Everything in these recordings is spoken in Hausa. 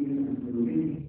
من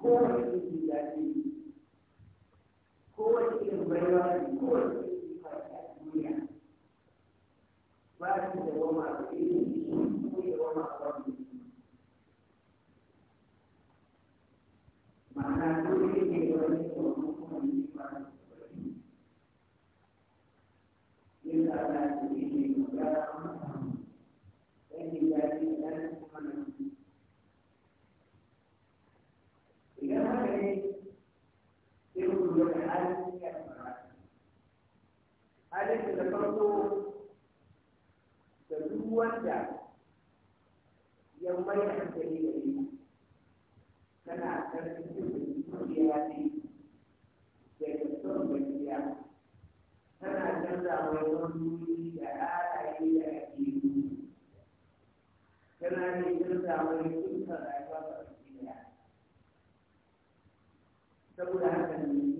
kowace irin zafi kowace irin baiwa ne kowace the kwanci a duniya ba su da goma a cikin shi ko da goma saboda halin ya halin da farko da duk wanda ya mai hankali da ni kana karfin jirgin kuriya ne daga son gaskiya tana canza mai wani da ra'ayi da ake yi tana ne canza mai dukkan rayuwa ba saboda haka ne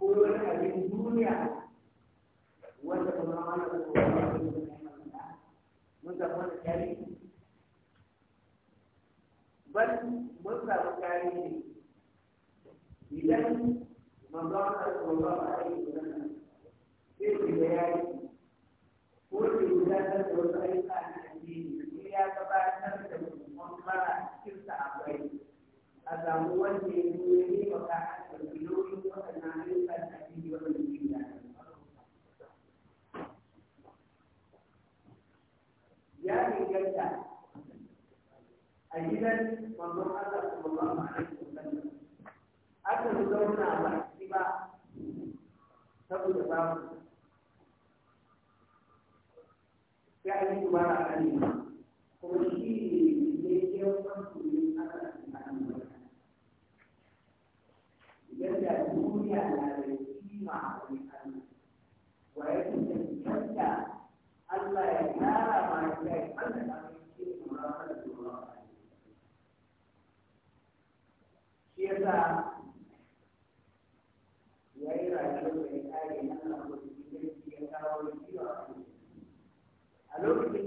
كل حاجة الدنيا وانت كما قال منذ هنا التاريخ بل منذ التاريخ إذا من ظهر صلى الله عليه وسلم في البدايات كل ولادة وطريقة عن الدين هي تبعث تبعث منقرة تسعة بعيد هذا هو الذي يريد وكان ya inganta a gidan manzon Allah sallallahu alaihi wasallam aka zauna ba shi ba saboda babu sai a yi dubara a kuma shi duniya na da kima a wani Allah wa ya cancanta Allah ya kara ma shi ya yi Allah ya kai kuma da kuma shi yasa ya yi rayuwar da ya kare Allah ko shi ya kawo shi a lokacin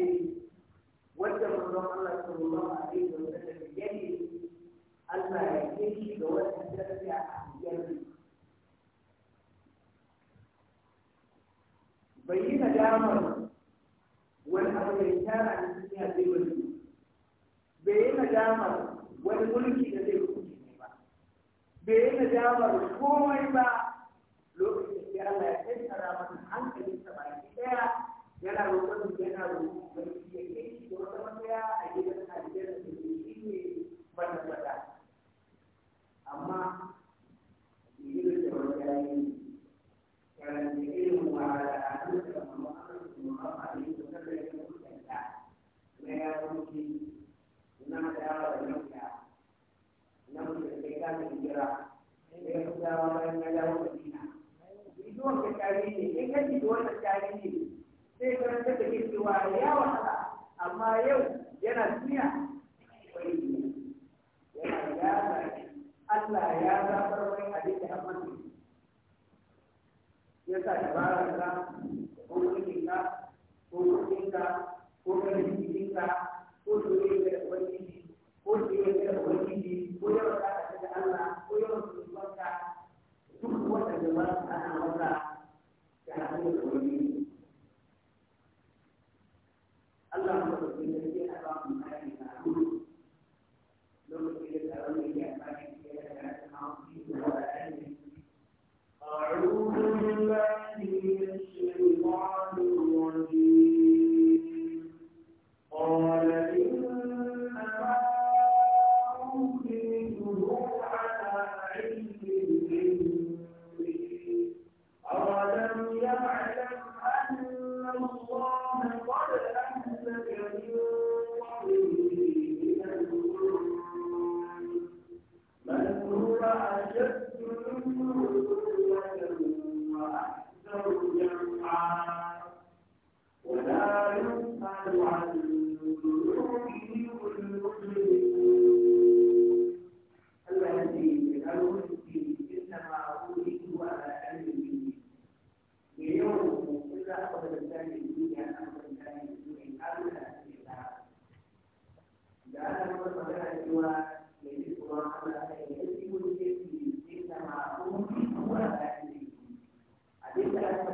ake yi wanda manzon Allah sallallahu alaihi wa sallam yake Allah ya kai shi ga wannan daraja a yanzu bai yi nadamar wani abu da ya tara a duniya zai wani bai yi nadamar wani mulki da zai rubuce ne ba bai yi nadamar komai ba lokacin da Allah ya tattara masa hankalinsa baki daya yana roƙon yana roƙon da ya ke da wata matsaya a gidan aljanna da shi ne wannan fada amma gidan da wani yayi karanta irin wahala a kan da Muhammadu Muhammadu yi wa sallam ya mutunta na ya roƙi na da yawa da nauya na mutunta ya kama hijira ya kusa wa bayan ya dawo da dina. Ido ka tarihi ne, ya kaji da wannan tarihi ne. sai karanta da ke cewa ya wahala amma yau yana duniya bai yana ya Allah ya zafar wani abin da an mace ya sa dabarar ka ko kuɗinka ko kuɗinka ko kuɗinka عليه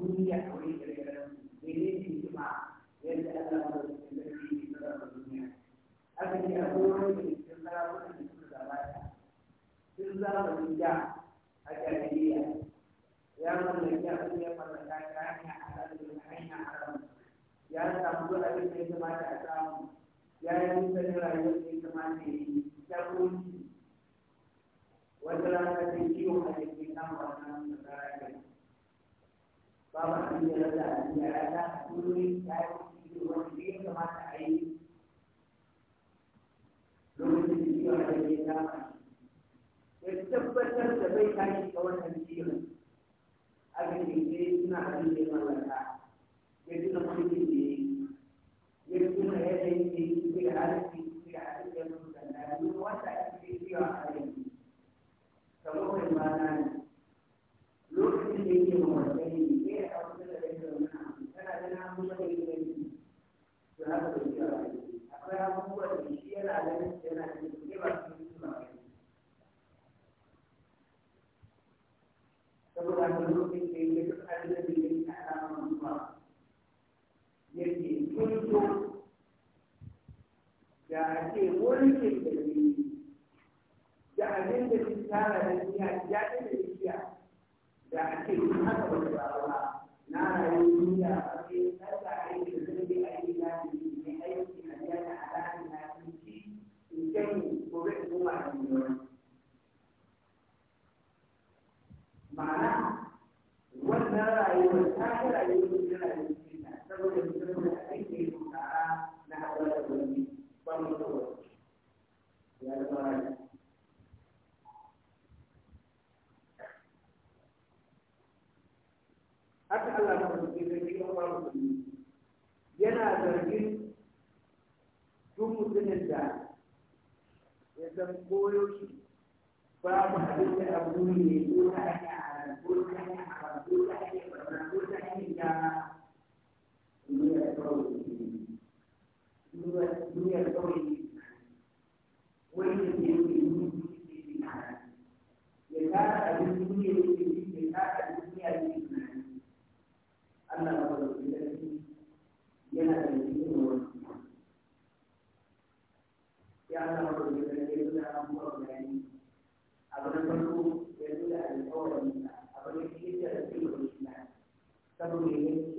duniya a wani ƙirƙirar mene ne hikima yadda Allah ba da su da shi ne da duniya aka ce a kowane da cikin sarakunan da suka gabata sun zamani da a jahiliya ya mallaki abin ya mallaka ta hanya a ranar hanya a ranar ya samu duk abin da kamata a samu ya yi rayuwar kamata ya yi kunci wata rana ta ciwon a jikin bapak dia rike da da abin da ke tara da duniya ya ce da duniya da ake yi haka da ba na rayu duniya a ce tsarka aiki da zai aiki na ne aiki na biya da alaƙa na ci in kai gobe kuma a duniya yana zargin duk mutumin da ya san koyo babu abin a abu ne ko ta hanyar ko ta hanyar haram ko ta ko ta hanyar dama duniyar kawai duniyar kawai wani da ke yi ne tara abin أبنك يقول أن الأول من أبنك كيف يأتيه الإسلام؟ تبني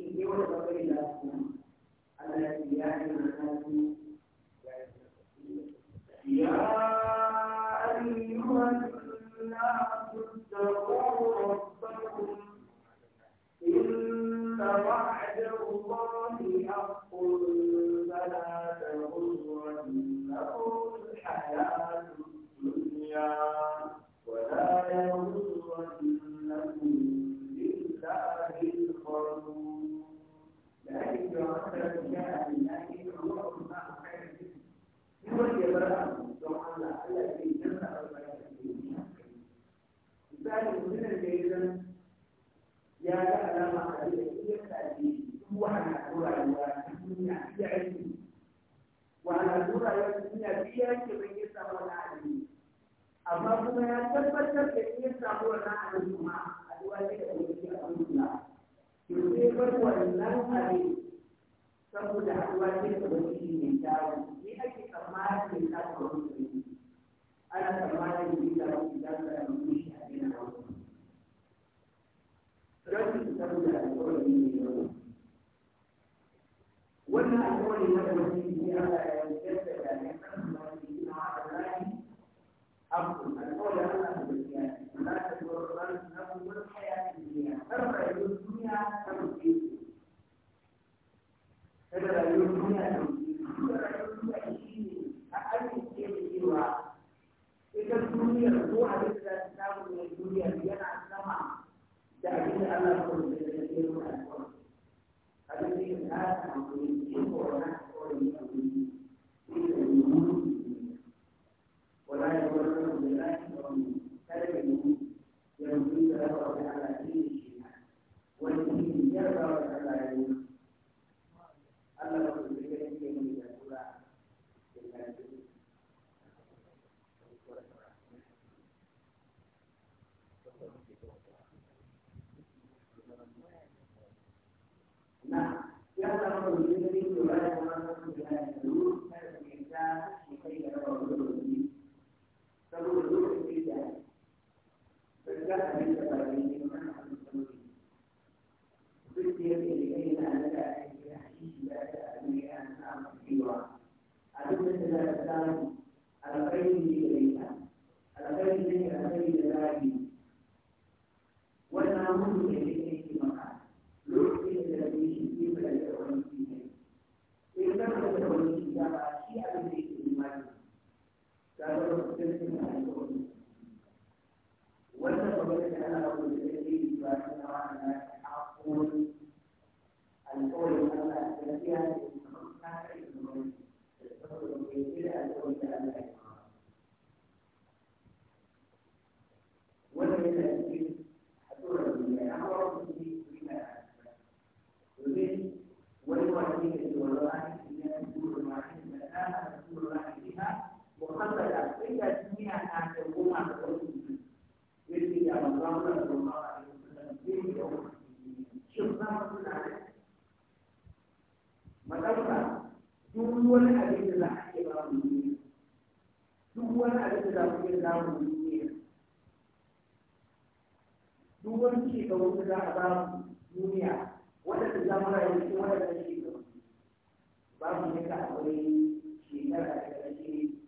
amma kuma ya tabbatar da in ya samu wannan abin kuma saboda haɗuwa ce da wani shi mai kyawu ni ake tsammanin mai kyawu wani shi ana tsammanin mai kyawu idan ka yi shi a gina wani rashin saboda alƙawari ne yau wannan alƙawari na da wani shi ne Allah ya نعم يظهر الجبريل ولا يتمسك بهذا السلوك فالإنسان لكي يرى الوجود فالوجود في ذلك فالجهل من تقاليد منع السلوك بالسير لكي لا ندع في أحيش لا تأمي أن أمر سوى أدلة لا تزال al pobre, a las desgracia, da wasu za a ba duniya waɗanda za mu rayu cikin waɗanda shi babu ne ka akwai shekara da ƙarshe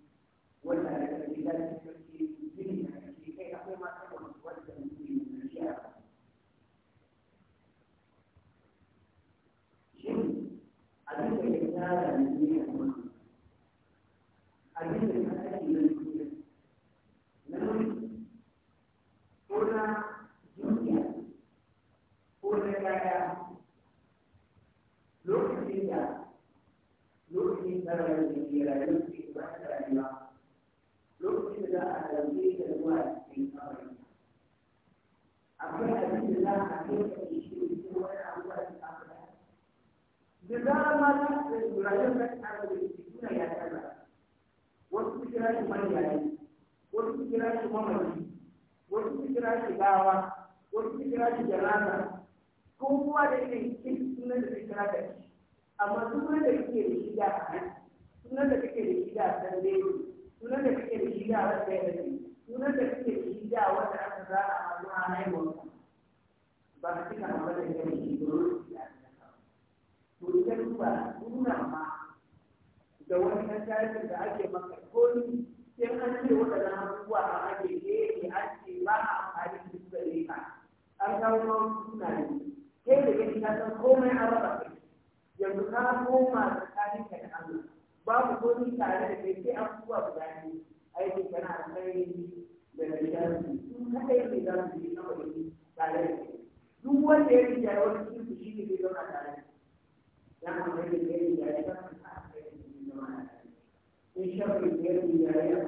da dama da rayuwar da ta da suna ya wasu wasu wasu wasu da da kira da da da da a aka zara a zuwa haihuwa ba to ita duba nuna ma da wani ɗan tarihin da ake maka koli sai an ce waɗannan abubuwa a ake gefe an ce ba a amfani da suka gare ka an kawo ma suna ne kai da gani ka san komai a raba kai yanzu ka koma tsakanin ka da Allah babu koli tare da kai sai abubuwa guda ne aiki kana kai da rigarsu sun kaɗai ne za su yi na wani tare da kai duk wanda ya riga wani cikin shi ne zai zama tare نحن في البيت جاهزة من شر البيت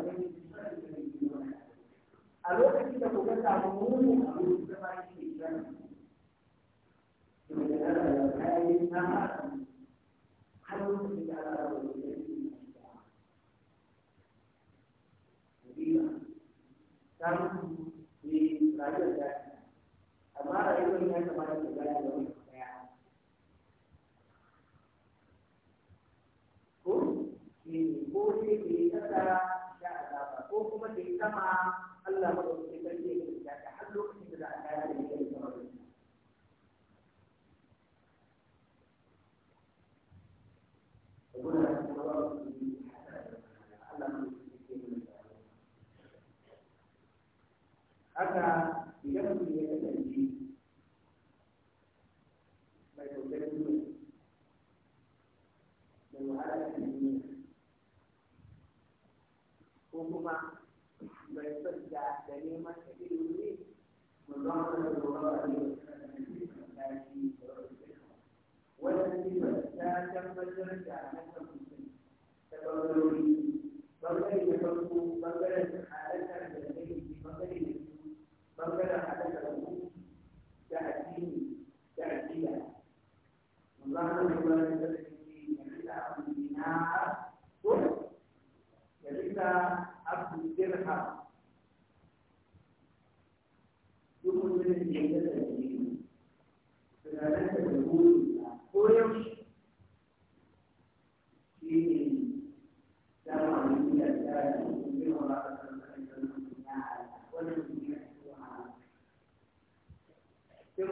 a lokacin da kuka samu munin abin da ba shi ne shan to da ana da kayan na har lokacin da ana da wani yanki na shiga riba samu ne rayuwar da amma rayuwar ya ko sai da ya kasa ya ko kuma da ya sama Allah madaukakin ke ya kasa har lokacin da za a kare Gracias.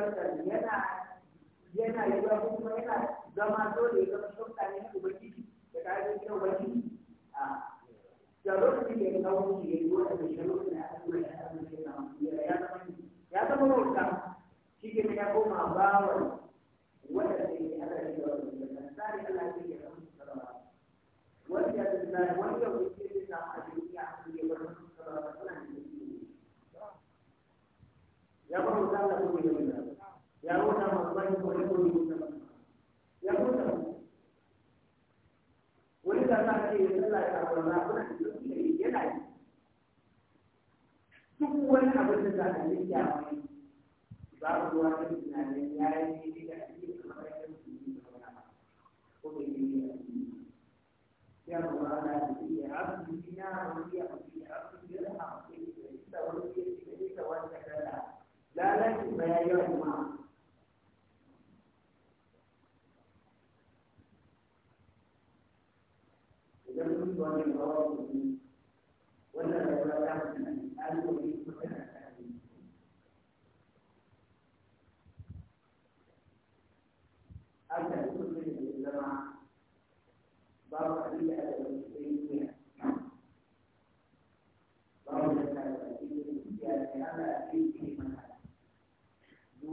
mutan yana yana yi ba kuma yana zama dole ya zama shauka ne na ubangiji da ƙarfin kyau ubangiji a da lokacin da ke kawo shi ya yi wata da shi da aka yi ya zama ya zama wauta shi ke ya koma bawan wanda ke yi a yi da wani da tsari Allah yi ya zama su sarara wanda ya zama wanda ya wuce ne zama a duniya a duniya wani su suna da ya zama wauta da kuma yi ya nuna masu wani kone kone musamman ya nuna wani da za a ce ya tsalla ya kawo na kuna yana yi duk wani abin da za a yi ya wani za a zuwa ta tunanin ya yi da ake kamar yadda su yi da wani ko bai yi da ake يا مولانا في عبدنا وفي عبد عبد الحق ليس وليس ليس وانت لا لا لا يا جماعه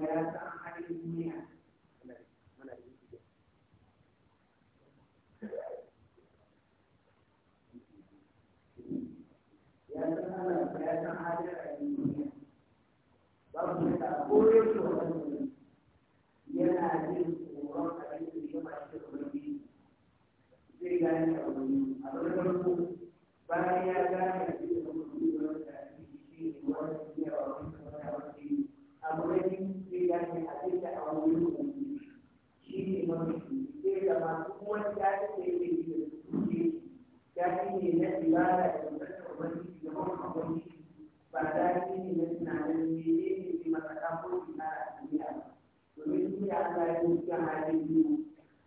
graça yana na tunanin menene ne masaka ko ina a duniya domin duniya an zai yi cikin halin biyu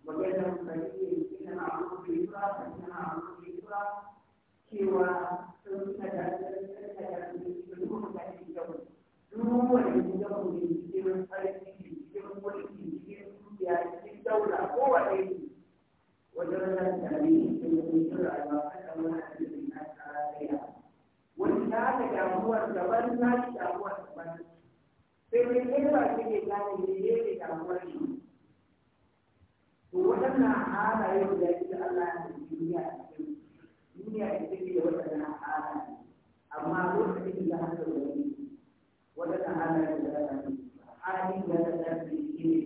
maganar fahimci ina na abu da yi ba ina na abu da yi ba cewa sun suka da sun suka da sun suka da kuma da shi da mu duk wani da ya mu ne cikin farin ciki cikin mulki cikin dukiya cikin daula kowane wajen nan da ne cikin rayuwa kan da wani wani ta da damuwar daban na shi damuwar daban sai mai kai ba shi ne gane ne ne ne damuwar shi to waɗannan halaye guda biyu Allah ya yi duniya a cikin duniya da take da waɗannan halaye amma lokacin da haka wani waɗannan halaye guda biyu hali da ta tafi shi ne